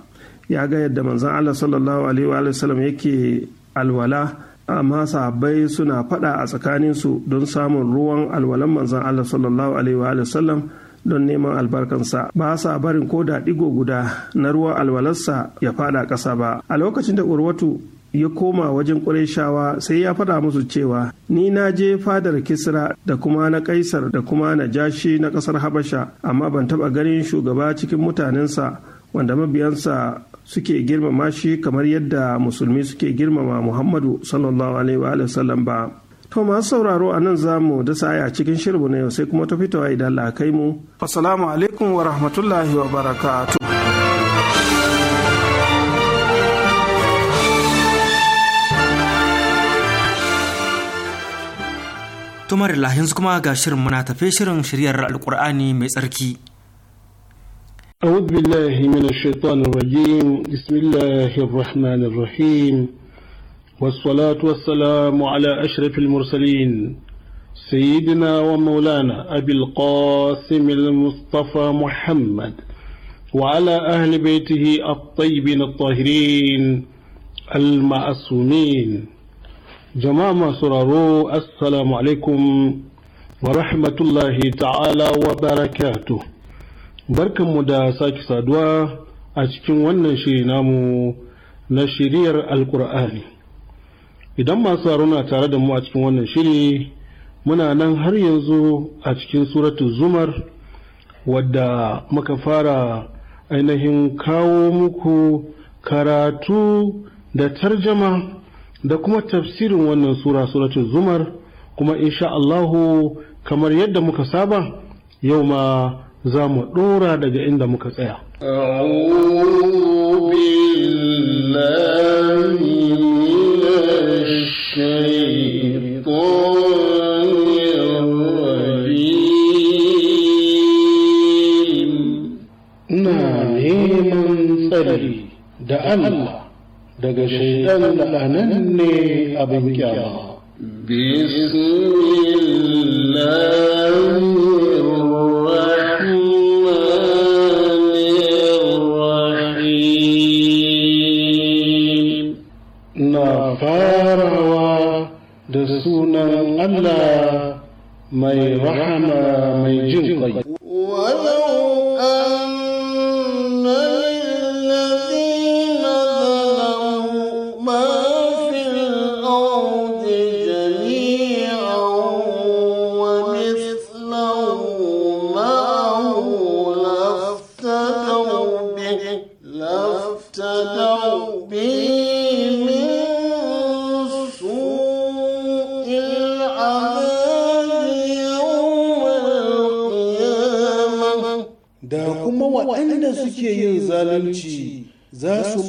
ya ga yadda manzon Allah sallallahu alaihi wa sallam yake alwala amma sahabbai suna fada a tsakaninsu don samun ruwan alwalan manzon Allah sallallahu alaihi wa sallam don neman albarkansa ba sa barin ko da digo guda na ruwan alwalarsa ya fada ƙasa ba a lokacin da urwatu ya koma wajen ƙureshawa sai ya faɗa musu cewa ni na je fadar kisra da kuma na kaisar da kuma na jashi na ƙasar habasha amma ban taɓa ganin shugaba cikin mutanensa wanda mabiyansa suke girmama shi kamar yadda musulmi suke girmama muhammadu sallallahu alaihi wa ba to masu sauraro a nan za mu da aya cikin shirbu na yau sai kuma ta fitowa idan la mu assalamu alaikum wa rahmatullahi wa barakatuh Tumar da yanzu kuma ga shirin muna tafe shirin shiryar Alƙur'ani mai tsarki. أعوذ بالله من الشيطان الرجيم بسم الله الرحمن الرحيم والصلاة والسلام على أشرف المرسلين سيدنا ومولانا أبي القاسم المصطفى محمد وعلى أهل بيته الطيبين الطاهرين المعصومين jama'a masu raro assalamu alaikum wa rahmatullahi ta'ala wa barakatu barkanmu da sake saduwa a cikin wannan shiri namu na shiriyar alkur'ani idan masu na tare da mu a cikin wannan shiri muna nan har yanzu a cikin suratu zumar wadda muka fara ainihin kawo muku karatu da tarjama da kuma tafsirin wannan sura suratul zumar kuma insha Allahu kamar yadda muka saba yau ma za mu ɗora daga inda muka tsaya. Ina neman tsari da Allah daga shaidan la'anan ne abin kyama بسم الله farawa da sunan Allah mai rahama mai jin ƙai.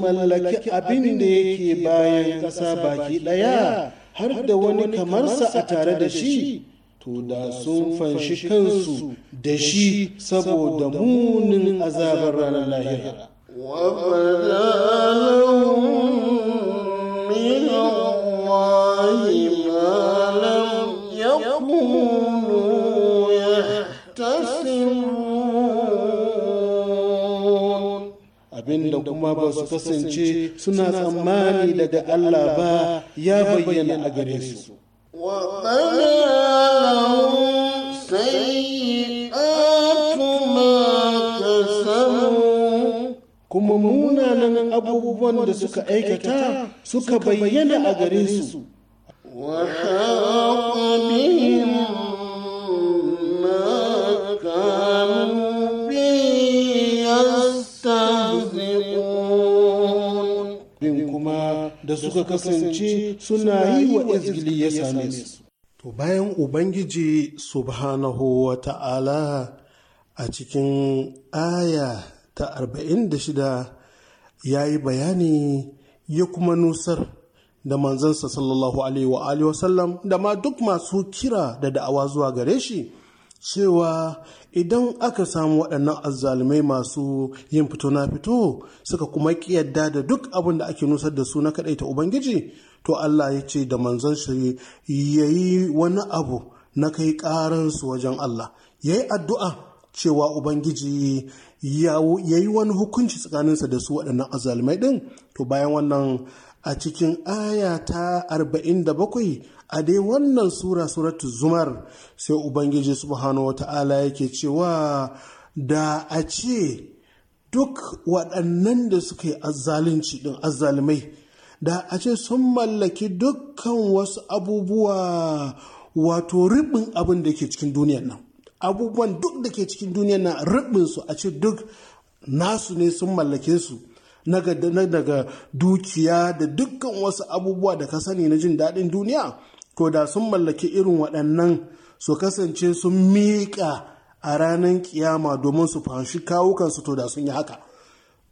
mallaki abin da yake bayan ƙasa baki ɗaya har da wani kamar sa a tare da shi to da sun fanshi kansu da shi saboda munin azabar ranar lahira. abinda kuma ba su kasance suna tsammani daga Allah ba ya bayyana a gare su. kuma munanan abubuwan da suka aikata suka bayyana a gare su. وحاق بهم da suka kasance suna yi wa izgili ya same su. To bayan Ubangiji subhanahu wa ta'ala a cikin aya ta 46 ya yi bayani ya kuma nusar da manzansa sallallahu alaihi wa sallam da ma duk masu kira da da'awa zuwa gare shi cewa idan aka samu waɗannan azzalumai masu yin fito na fito suka kuma kiyarda da duk abin da ake nusar da su na kaɗai ta ubangiji to Allah ya ce da manzon shi ya yi wani abu na kai ƙaransu wajen Allah ya yi addu'a cewa ubangiji ya yi wani hukunci tsakaninsa da su waɗannan azzalumai ɗin to bayan wannan a cikin aya ta bakwai, a dai wannan sura suratu zumar sai ubangiji subhanahu wa ta'ala yake cewa da a ce duk waɗannan da suka yi azzalunci ɗin azalimai, da a ce sun mallaki dukkan wasu abubuwa wato ribin abin da ke cikin duniyan nan abubuwan duk da ke cikin duniyan nan ribin su a ce duk nasu ne sun mallake su daga dukiya da dukkan wasu abubuwa da ka sani na jin daɗin duniya to da sun mallaki irin waɗannan su kasance sun miƙa a ranar kiyama domin su fanshi kawukansu to da sun yi haka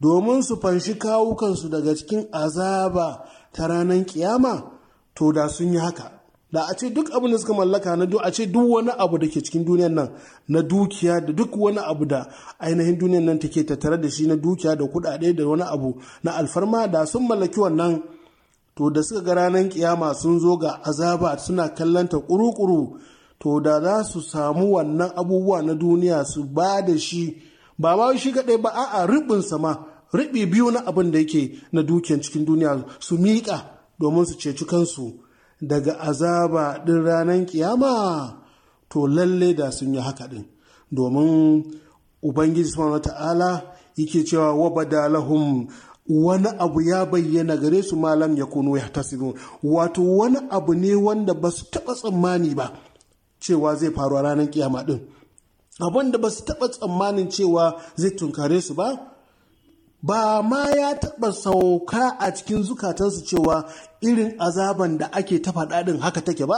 domin su fanshi kawukansu daga cikin azaba ta ranar kiyama to da sun yi haka da a ce duk abin da suka mallaka na a ce duk wani abu da ke cikin duniyan nan na dukiya da duk wani abu da ainihin duniyan nan take tattare da shi na dukiya da kuɗaɗe da wani abu na alfarma da sun mallaki wannan to da suka ga ranar kiyama sun zo ga azaba suna kallanta kuru-kuru to da za su samu wannan abubuwa na duniya su ba da shi ba ma shi kaɗai ba a'a ribinsa ma riɓi biyu na abin da yake na dukiyan cikin duniya su miƙa domin su ceci kansu daga azaba ɗin ranar kiyama to lalle da sun yi haka ɗin domin ubangiji subhanahu ta'ala yake cewa wa badalahum wani abu ya bayyana gare su malam ya kuno ya tasiru wato wani abu ne wanda ba su taɓa tsammani ba cewa zai faru a ranar kiyama ɗin abin da ba su taɓa tsammanin cewa zai tunkare su ba ba ma ya taɓa sauka a cikin zukatansu cewa irin azaban da ake ta faɗaɗin haka take ba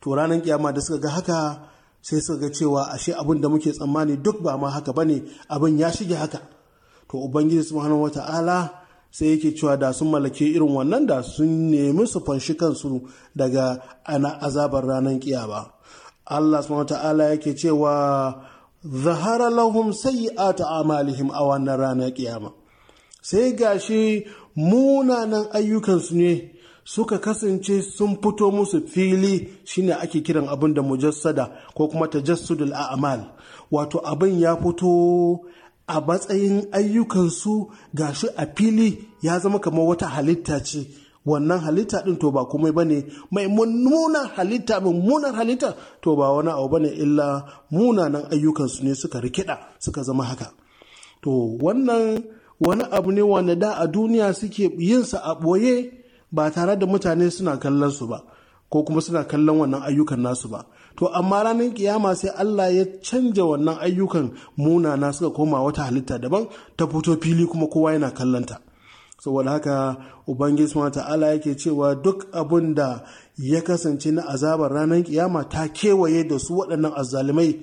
to ranar kiyama da suka ga haka sai suka ga cewa ashe abin da muke tsammani duk ba ma haka bane abin ya shige haka to ubangiji subhanahu wata'ala sai yake cewa da sun mallake irin wannan da sun nemi su fanshi kansu daga ana azabar ranar kiyama Allah subhanahu wata'ala yake cewa zahara lahum a ta'amalihim a wannan ranar ƙiyama. sai gashi munanan ayyukansu ne suka kasance sun fito musu fili shine ake kiran abin da mujassada ko kuma tajassudul a'mal wato abin ya fito a matsayin ayyukansu gashi a fili ya zama kamar wata halitta ce wannan halitta din to ba komai ne mai mummunar halitta mummunar halitta to ba wani abu ne illa munanan ayyukansu ne suka rikida suka zama haka to wannan wani abu ne wanda da a duniya suke yinsa a ɓoye ba tare da mutane suna kallon su ba ko kuma suna kallon wannan ayyukan nasu ba to amma ranar kiyama sai Allah ya canja wannan ayyukan munana suka koma wata halitta daban ta fito fili kuma kowa yana kallonta saboda haka ubangiji subhanahu ta'ala yake cewa duk abun da ya kasance na azabar ranar kiyama ta kewaye da su waɗannan azalimai,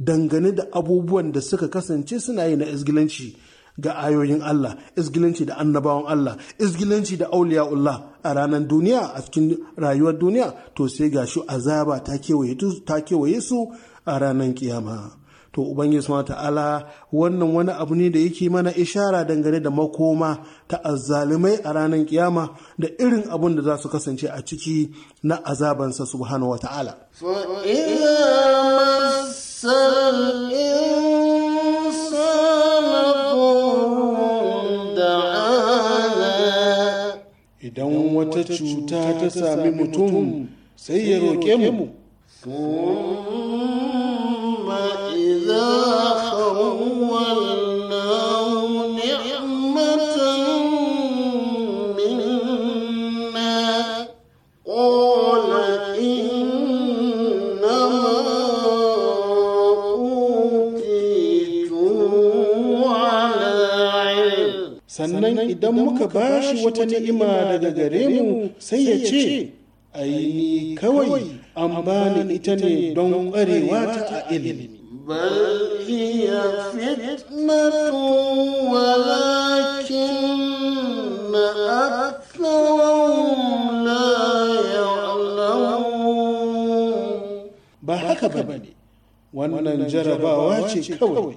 dangane da abubuwan da suka kasance suna yi na izgilanci ga ayoyin Allah izgilanci da annabawan Allah izgilanci da auliya'ullah a ranar duniya a cikin rayuwar duniya to sai ga gashi azaba ta kewaye su a ranar kiyama to ubangiji subhanahu ta'ala wannan wani abu ne da yake mana ishara dangane da makoma ta azzalumai a ranar kiyama da irin abun da za su kasance a ciki na azabansa subhanahu wa ta'ala idan wata cuta ta sami mutum sai ya roƙe mu idan muka ba shi wata ni'ima daga gare mu sai ya ce aini kawai an bani ita ne don kwarewa ta a ilimi بل هي فتنة ولكن أكثرهم لا يعلمون ba haka ba ne wannan jarabawa ce kawai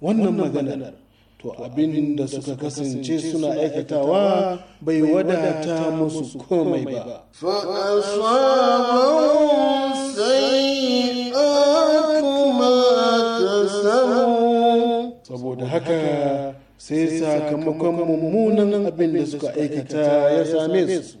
wannan maganar to abin da suka kasance suna aikatawa bai wadata musu komai ba saboda haka sai sakamakon mummunan abin da suka aikata ya same su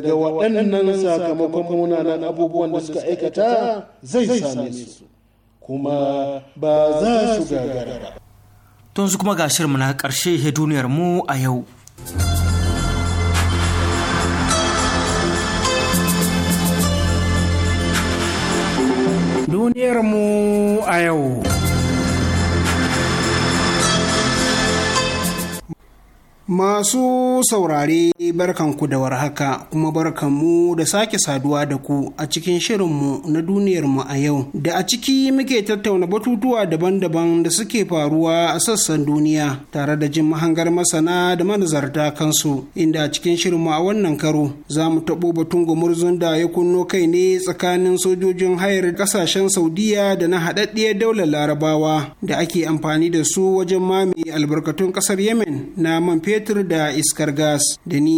daga waɗannan sakamakon munanan abubuwan da suka aikata zai same su kuma ba za su gagara ba. Tun su kuma ga shirmu na ƙarshe he duniyar mu a yau. Duniyar mu a yau. Masu saurare barkanku da warhaka kuma barkanmu da sake saduwa da ku a cikin shirinmu na duniyarmu a yau da a ciki muke tattauna batutuwa daban-daban da suke faruwa a sassan duniya tare da jin mahangar masana da manazarta kansu inda a cikin shirinmu a wannan karo za mu taɓo batun gumurzun da ya kunno kai ne tsakanin sojojin hayar ƙasashen saudiya da na haɗaɗɗiyar daular larabawa da ake amfani da su wajen mami albarkatun ƙasar yemen na man fetur da iskar gas da ni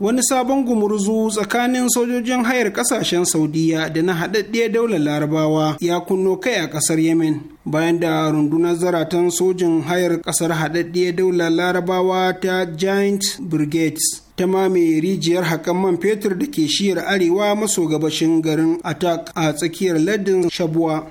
wani sabon gumurzu tsakanin sojojin hayar kasashen saudiya da na haɗaɗɗiyar daular larabawa ya kunno kai a ƙasar yemen bayan da rundunar zaratan sojin hayar ƙasar haɗaɗɗiyar daular larabawa ta giant brigades ta mame rijiyar haƙan man fetur da ke shiyar arewa maso gabashin garin atak a tsakiyar lardin shabuwa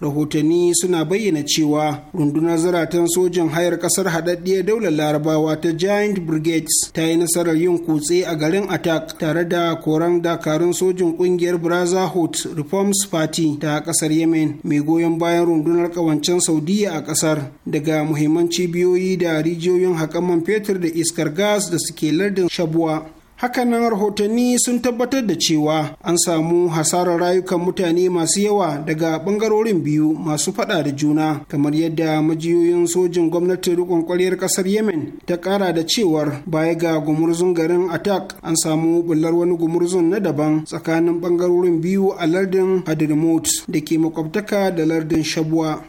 rahotanni suna bayyana cewa rundunar zaratan sojin hayar kasar haɗaɗɗiyar daular larabawa ta giant brigades ta yi nasarar yin kutse a garin attack tare da koran dakarun sojin ƙungiyar brotherhood reforms party ta ƙasar yemen mai goyon bayan rundunar ƙawancen saudiya a ƙasar daga muhimman cibiyoyi da rijiyoyin haƙaman fetur da iskar gas da suke lardin shabuwa hakanan rahotanni sun tabbatar da cewa an samu hasarar rayukan mutane masu yawa daga bangarorin biyu masu fada da juna kamar yadda majiyoyin sojin gwamnatin rikon kwaliyar kasar yemen ta kara da cewar baya ga gumurzun garin atak an samu bullar wani gumurzun na daban tsakanin bangarorin biyu a lardin hadramaut da ke makwabtaka da lardin shabwa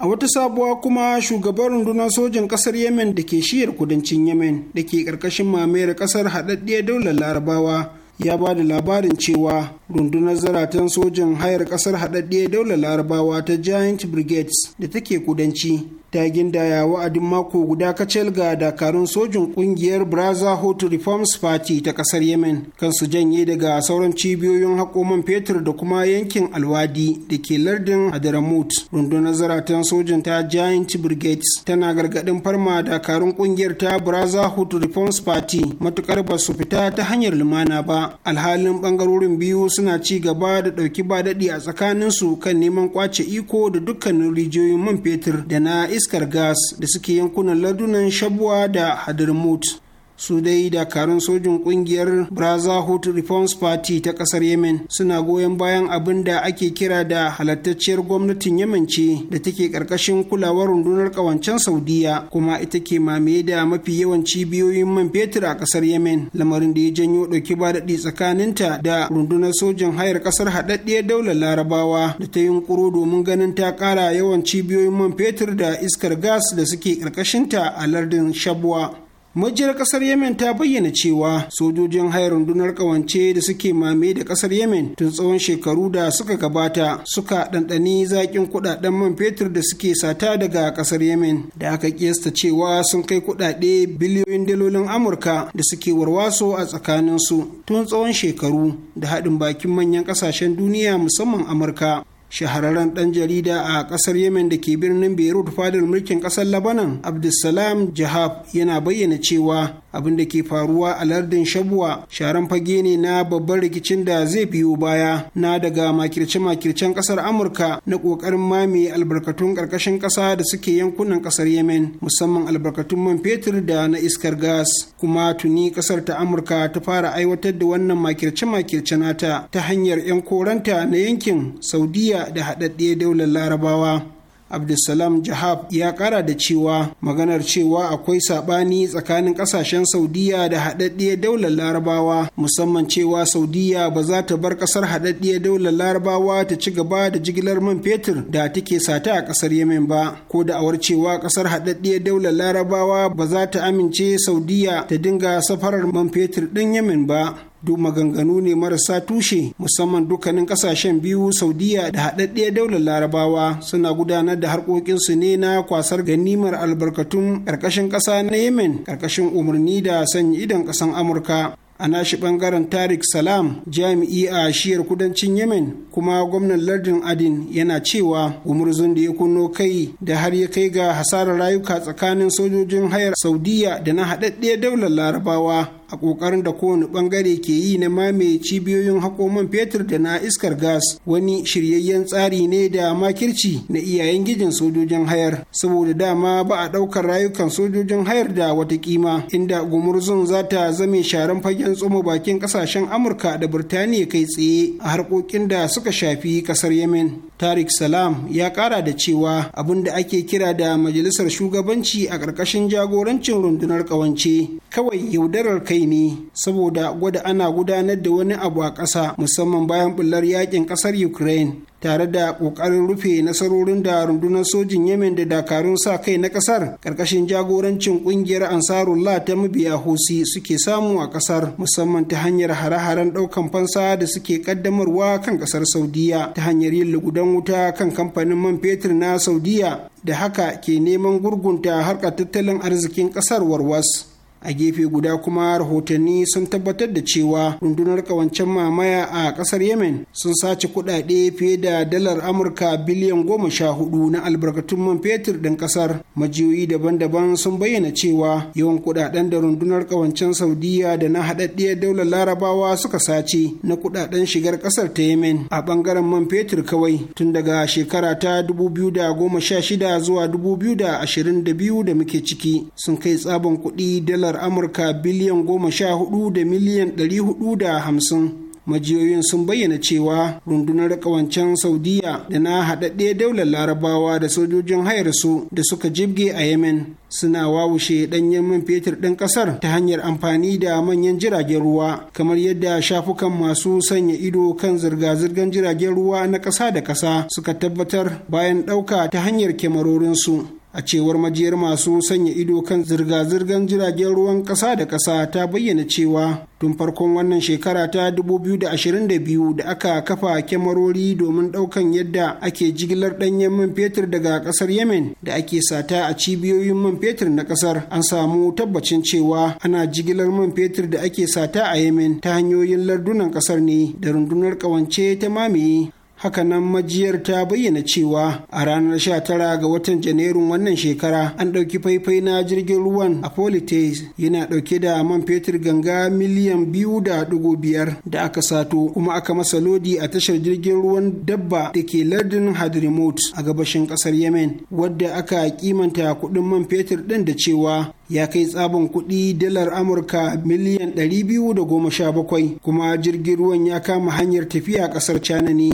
a wata sabuwa kuma shugaban rundunar sojan kasar yemen da ke shiyar kudancin yemen da ke ƙarƙashin mamayar kasar haɗaɗɗiyar daular larabawa ya ba da labarin cewa rundunar zaratan sojan hayar kasar haɗaɗɗiyar daular larabawa ta giant brigades da take kudanci ta ya wa'adin mako guda kacal ga dakarun sojin kungiyar brotherhood reforms party ta kasar yemen kan su janye daga sauran cibiyoyin hakoman fetur da kuma yankin alwadi da ke lardin hadramut rundunar zaratan sojin ta giant brigades tana gargadin farma dakarun kungiyar ta brotherhood reforms party matukar ba su fita ta hanyar lumana ba alhalin bangarorin biyu suna ci gaba da dauki ba daɗi a tsakaninsu kan neman kwace iko da dukkanin rijiyoyin man fetur da na iskar gas da suke yankunan ladunan shabwa da hadramaut su dai dakarun sojin kungiyar brotherhood reforms party ta kasar yemen suna goyon bayan abin da ake kira da halattacciyar gwamnatin yemen ce da take karkashin kulawar rundunar kawancen saudiya kuma ita ke mamaye da mafi yawan cibiyoyin man fetur a kasar yemen lamarin da ya janyo dauki ba daɗi tsakaninta da rundunar sojin hayar kasar haɗaɗɗiyar daular larabawa da ta yunkuro domin ganin ta ƙara yawan cibiyoyin man fetur da iskar gas da suke karkashinta a lardin shabwa majiyar ƙasar yemen ta bayyana cewa sojojin hayar rundunar ƙawance da suke mame da ƙasar yemen tun tsawon shekaru da suka gabata suka ɗanɗani zaƙin kuɗaɗen man fetur da suke sata daga ƙasar yemen da aka kiyasta cewa sun kai kuɗaɗe biliyoyin dalolin amurka da suke warwaso a tsakaninsu tun tsawon shekaru da haɗin bakin manyan ƙasashen duniya musamman amurka shahararren ɗan jarida a ƙasar yemen da ke birnin beirut fadar mulkin ƙasar labanan abdulsalam jahab yana bayyana cewa abin da ke faruwa a lardin shabuwa sharan fage ne na babban rikicin da zai biyo baya na daga makirce-makircen ƙasar amurka na ƙoƙarin mame albarkatun ƙarƙashin ƙasa da suke yankunan ƙasar yemen musamman albarkatun man fetur da na iskar gas kuma tuni ƙasar ta amurka ta fara aiwatar da wannan makirce-makirce nata ta hanyar 'yan koranta na yankin saudiya da haɗaɗɗiyar daular larabawa abdulsalam jahab ya kara da cewa maganar cewa akwai sabani tsakanin kasashen saudiya da haɗaɗɗiyar daular larabawa musamman cewa saudiya ba za ta bar ƙasar haɗaɗɗiyar daular larabawa ta ci gaba da jigilar man fetur da take sata a ƙasar yemen ba ko da awar cewa ƙasar haɗaɗɗiyar daular larabawa ba za ta amince saudiya ta dinga safarar man fetur ɗin yemen ba duk maganganu ne marasa tushe musamman dukkanin kasashen biyu saudiya da haɗaɗɗiyar daular larabawa suna gudanar da harkokinsu ne na kwasar ganimar albarkatun ƙarƙashin ƙasa na yemen ƙarƙashin umarni da sanya idon ƙasan amurka a nashi ɓangaren tarik salam jami'i a shiyar kudancin yemen kuma gwamnan lardin adin yana cewa gumurzun da ya kunno kai da har ya kai ga hasarar rayuka tsakanin sojojin hayar saudiya da na haɗaɗɗiyar daular larabawa a ƙoƙarin da kowane ɓangare ke yi na mamaye cibiyoyin hakoman fetur da na iskar gas wani shiryayyen tsari ne da makirci na iyayen gijin sojojin hayar saboda dama ba a ɗaukar rayukan sojojin hayar da wata kima inda gumurzun za ta zame sharan fagen tsoma bakin ƙasashen amurka da birtaniya kai tsaye a harkokin da suka shafi ƙasar yemen tarik salam ya ƙara da cewa abin da ake kira da majalisar shugabanci a ƙarƙashin jagorancin rundunar ƙawance kawai yaudarar kai rai ne saboda gwada ana gudanar da wani abu a ƙasa musamman bayan bullar yakin ƙasar ukraine tare da ƙoƙarin rufe nasarorin da rundunar sojin yemen da dakarun sa kai na ƙasar ƙarƙashin jagorancin ƙungiyar ansarullah ta mabiya hosi suke samu a ƙasar musamman ta hanyar hare-haren ɗaukan fansa da suke ƙaddamarwa kan ƙasar saudiya ta hanyar yin lugudan wuta kan kamfanin man fetur na saudiya da haka ke neman gurgunta harkar tattalin arzikin ƙasar warwas a gefe guda kuma rahotanni sun tabbatar da cewa rundunar kawancen mamaya a kasar yemen sun sace kudade fiye da dalar amurka biliyan goma sha hudu na albarkatun man fetur ɗin kasar majiyoyi daban-daban sun bayyana cewa yawan kudaden da rundunar kawancen saudiya da na haɗaɗɗiyar daular larabawa suka sace na kudaden shigar kasar ta yemen a ɓangaren man fetur kawai tun daga shekara ta 2016 zuwa 2022 da muke ciki sun kai tsabon kuɗi dalar dalar amurka biliyan goma sha hudu da miliyan ɗari hudu da hamsin majiyoyin sun bayyana cewa rundunar ƙawancen saudiya da na haɗaɗɗe daular larabawa da sojojin su da suka jibge a yemen suna wawushe ɗanyen man fetur ɗin ƙasar ta hanyar amfani da manyan jiragen ruwa kamar yadda shafukan masu sanya ido kan zirga-zirgar jiragen ruwa na ƙasa da ƙasa suka tabbatar bayan ɗauka ta hanyar kyamarorinsu a cewar majiyar masu sanya ido kan zirga-zirgar jiragen ruwan ƙasa da ƙasa ta bayyana cewa tun farkon wannan shekara ta 2022 da aka kafa kyamarori domin ɗaukan yadda ake jigilar ɗanyen man fetur daga ƙasar yemen da ake sata a cibiyoyin man fetur na ƙasar an samu tabbacin cewa ana jigilar man fetur da ake sata a yemen ta hanyoyin lardunan ƙasar ne da rundunar ƙawance ta mamaye hakanan majiyar ta bayyana cewa a ranar 19 ga watan janairun wannan shekara an ɗauki faifai na jirgin ruwan a apolites yana ɗauke da man fetur ganga miliyan biyu da dugu biyar da aka sato kuma aka masa lodi a tashar jirgin ruwan dabba da ke lardin hadrimot a gabashin ƙasar yemen wadda aka kimanta kuɗin man fetur ɗin da cewa ya kai tsabon kuɗi dalar amurka miliyan 217 kuma jirgin ruwan ya kama hanyar tafiya ƙasar china ne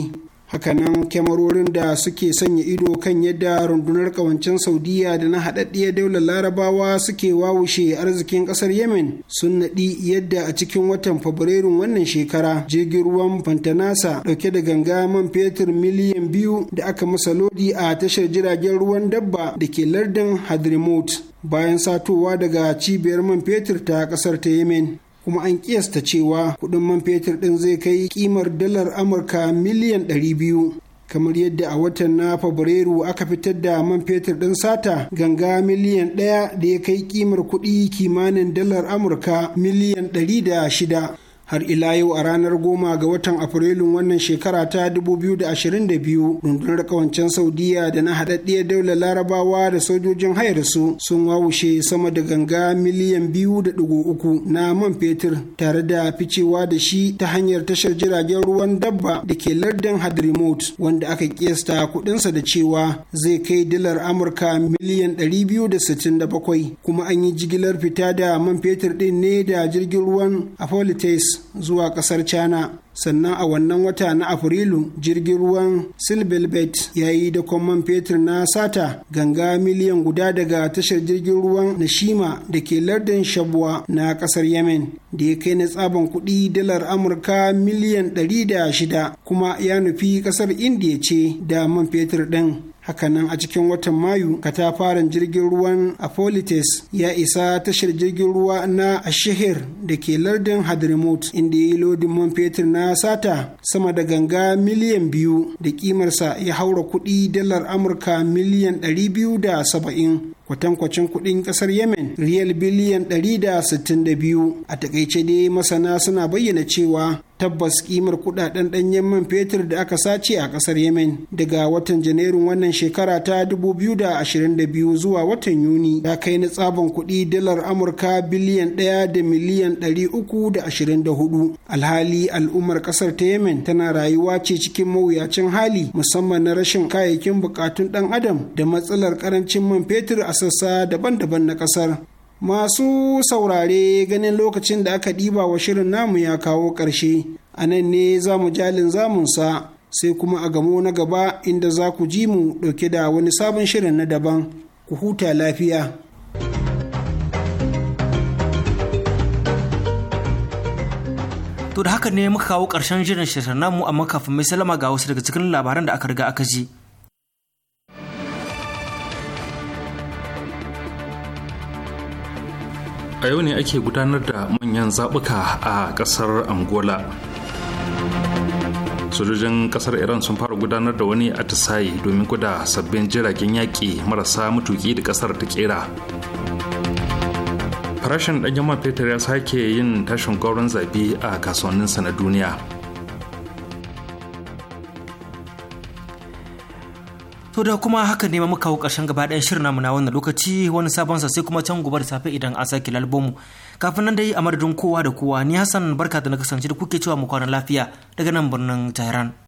hakanan kyamarorin da suke sanya ido kan yadda rundunar kawancin saudiya da na haɗaɗɗiyar daular larabawa suke wawushe arzikin ƙasar yemen sun naɗi yadda a cikin watan Fabrairu wannan shekara jirgin ruwan fantanasa ɗauke da ganga man fetur miliyan biyu da aka masa lodi a tashar jiragen ruwan dabba da ke lardin hadrimot bayan satowa daga cibiyar man fetur ta ƙasar ta yemen kuma an kiyasta cewa kuɗin man fetur ɗin zai kai kimar dalar amurka miliyan 200 kamar yadda a watan na fabrairu aka fitar da man fetur ɗin sata ganga miliyan ɗaya da ya kai kimar kuɗi kimanin dalar amurka miliyan ɗari da shida har ila yau a ranar goma ga watan afrilun wannan shekara ta 2022 rundunar kawancen saudiya da na haɗaɗɗiyar daula larabawa da sojojin hayar su sun wawushe sama da ganga miliyan biyu da ɗigo uku na man fetur tare da ficewa da shi ta hanyar tashar jiragen ruwan dabba da ke lardin hadrimot wanda aka kiyasta kuɗinsa da cewa zai kai dalar amurka miliyan 267 kuma an yi jigilar fita da man fetur ɗin ne da jirgin ruwan a apolites zuwa kasar china sannan a wannan wata na afrilu jirgin ruwan silbilbet ya yi da man fetur na sata ganga miliyan guda daga tashar jirgin ruwan nashima da ke lardin shabwa na kasar yemen da ya kai na tsaban kuɗi dalar amurka miliyan ɗari da shida kuma ya nufi kasar indiya ce da man fetur ɗin hakanan a cikin watan mayu katafaren jirgin ruwan apolites ya isa tashar jirgin ruwa na ashehir da ke lardin hadrimot inda ya yi lodin man fetur na sata sama da ganga miliyan biyu da kimarsa ya haura kuɗi dalar amurka miliyan ɗari biyu da saba'in kwatankwacin kuɗin ƙasar yemen riyal biliyan 162 a takaice dai masana suna bayyana cewa tabbas kimar kudaden ɗanyen man fetur da aka sace a ƙasar yemen daga watan janairun wannan shekara ta 2022 zuwa watan yuni ya kai na tsabon kuɗi dalar amurka biliyan ɗaya da miliyan 324 alhali al'ummar ƙasar ta yemen tana rayuwa ce cikin mawuyacin hali musamman na rashin kayayyakin bukatun ɗan adam da matsalar ƙarancin man fetur a sassa daban-daban na kasar Masu saurare ganin lokacin da aka ɗiba wa shirin namu ya kawo ƙarshe, a nan ne za mu jalin zamunsa sai kuma a gamo na gaba inda za ku ji mu ɗauke da wani sabon shirin na daban, ku huta lafiya. To da haka ne muka kawo ƙarshen shirin shirin namu amma kafin mai salama ga wasu daga cikin labaran da aka riga aka ji. a yau ne ake gudanar da manyan zaɓuka a ƙasar angola sojojin ƙasar iran sun fara gudanar da wani atisaye domin guda sabbin jiragen yaƙi marasa mutuki da ƙasar ta ƙera farashin ɗanyen man fetur ya sake yin tashin gauron zabi a kasuwanninsa na duniya To da kuma haka ne muka hau karshen gaba ɗayan shirin namu na wannan lokaci wani sabon sa sai kuma can gobe da safe idan an sake lalbomu. Kafin nan dai a madadin kowa da kowa ni Hassan barka da na kasance da kuke cewa mu kwana lafiya daga nan birnin Tehran.